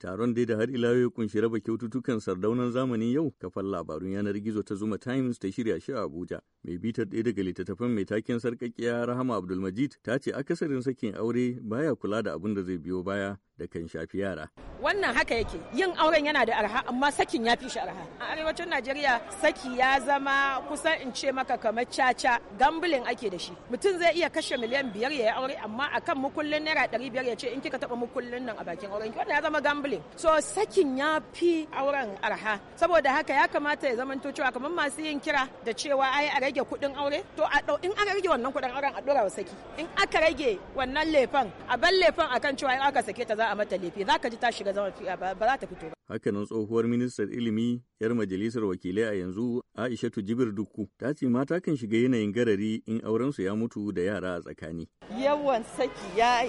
Taron dai da har ila ya kunshi raba kyaututtukan sardaunan zamani yau kafar labarun yanar gizo ta Zuma Times ta shirya shi a Abuja. Mai bitar ɗaya daga littattafan mai taken sarƙaƙiya Rahama Abdulmajid ta ce akasarin sakin aure baya kula da abin da zai biyo baya da kan shafi yara. Wannan haka yake yin auren yana da arha amma sakin ya fi shi arha. A arewacin Najeriya saki ya zama kusan in ce maka kamar caca gambulin ake da shi. Mutum zai iya kashe miliyan biyar ya yi aure amma a kan mukullin naira ɗari biyar ya ce in kika taɓa mukullin nan a bakin auren wannan ya zama gambulin. So sakin ya fi auren arha. Saboda haka ya kamata ya zama to cewa kamar masu yin kira da cewa ai a rage kuɗin aure to a ɗau in aka rage wannan kuɗin auren a ɗora wa saki. In aka rage wannan lefan a bar lefan akan cewa in aka sake ta za a mata laifi za ka ji ta shiga zaman fiya ba za ta fito ba. Hakanan tsohuwar ministan ilimi yar majalisar wakilai a yanzu Aishatu Jibir Dukku ta ce mata kan shiga yanayin garari in aurensu ya mutu da yara a tsakani. Yawan saki ya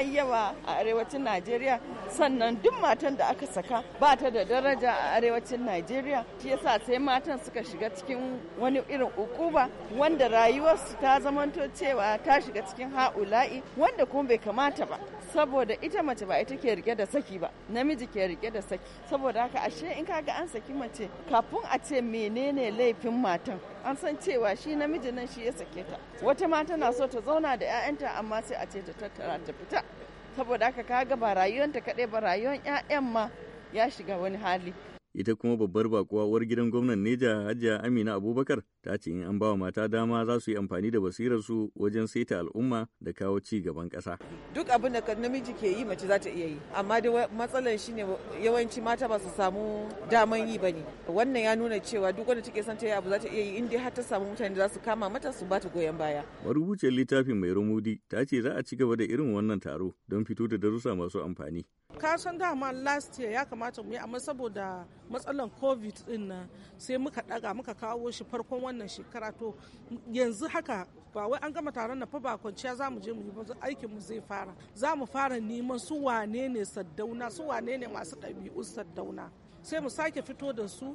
yi yawa a arewacin Najeriya sannan duk matan da aka saka ba ta da daraja a arewacin Najeriya shi yasa sai matan suka shiga cikin wani irin ukuba wanda rayuwarsu ta zamanto cewa ta shiga cikin ha'ula'i wanda kuma bai kamata ba saboda ita mace ba ita ke rike da saki ba namiji ke rike da saki saboda haka ashe in kaga an saki mace kafin a ce menene laifin matan an san cewa shi namiji nan shi ya sake ta wata mata na so ta zauna da 'ya'yanta amma sai a ce ta tattara ta fita saboda haka kaga ba rayuwanta kaɗai ba rayuwan 'ya'yan ma ya shiga wani hali ita kuma babbar bakuwa uwar gidan gwamnan Neja Hajiya Amina Abubakar ta ce in an bawa mata dama za su yi amfani da basirar su wajen saita al'umma da kawo ci gaban kasa. Duk abin da namiji ke yi mace za ta iya yi amma da matsalar ne yawanci mata ba su samu daman yi ba ne Wannan ya nuna cewa duk wanda take son ta yi abu za ta iya yi inda dai har ta samu mutane da za su kama mata su ba ta goyon baya. Marubuciyar littafin mai rumudi ta ce za a ci gaba da irin wannan taro don fito da darussa masu amfani. Kasan dama last year ya kamata mu yi amma saboda matsalan covid din nan sai muka daga muka kawo shi farkon wannan shekara to yanzu haka ba wai an gama taron na fa ba kwanciya za mu je mu yi ba aikin mu zai fara za mu fara neman su wane ne saddauna su wane ne masu ɗabi'u saddauna sai mu sake fito da su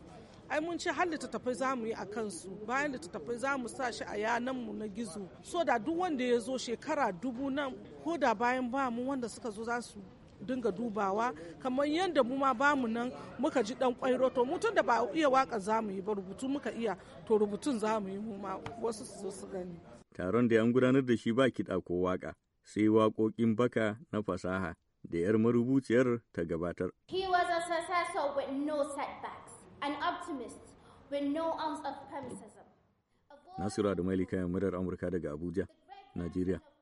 ai mun ce har littattafai za mu yi a kansu bayan littattafai za mu sa shi a yanan mu na gizo so da duk wanda ya zo shekara dubu nan ko da bayan ba mu wanda suka zo za su dinga dubawa kamar yadda mu ma bamu nan muka ji dan kwairo to mutum da ba iya waka za mu yi ba rubutu muka iya to rubutun za mu yi mu ma wasu su zo su gani taron da an gudanar da shi ba kiɗa ko waka sai waƙoƙin baka na fasaha da 'yar marubuciyar ta gabatar. He was a successor Nasiru Adamu Kayan Murar Amurka daga Abuja, Najeriya.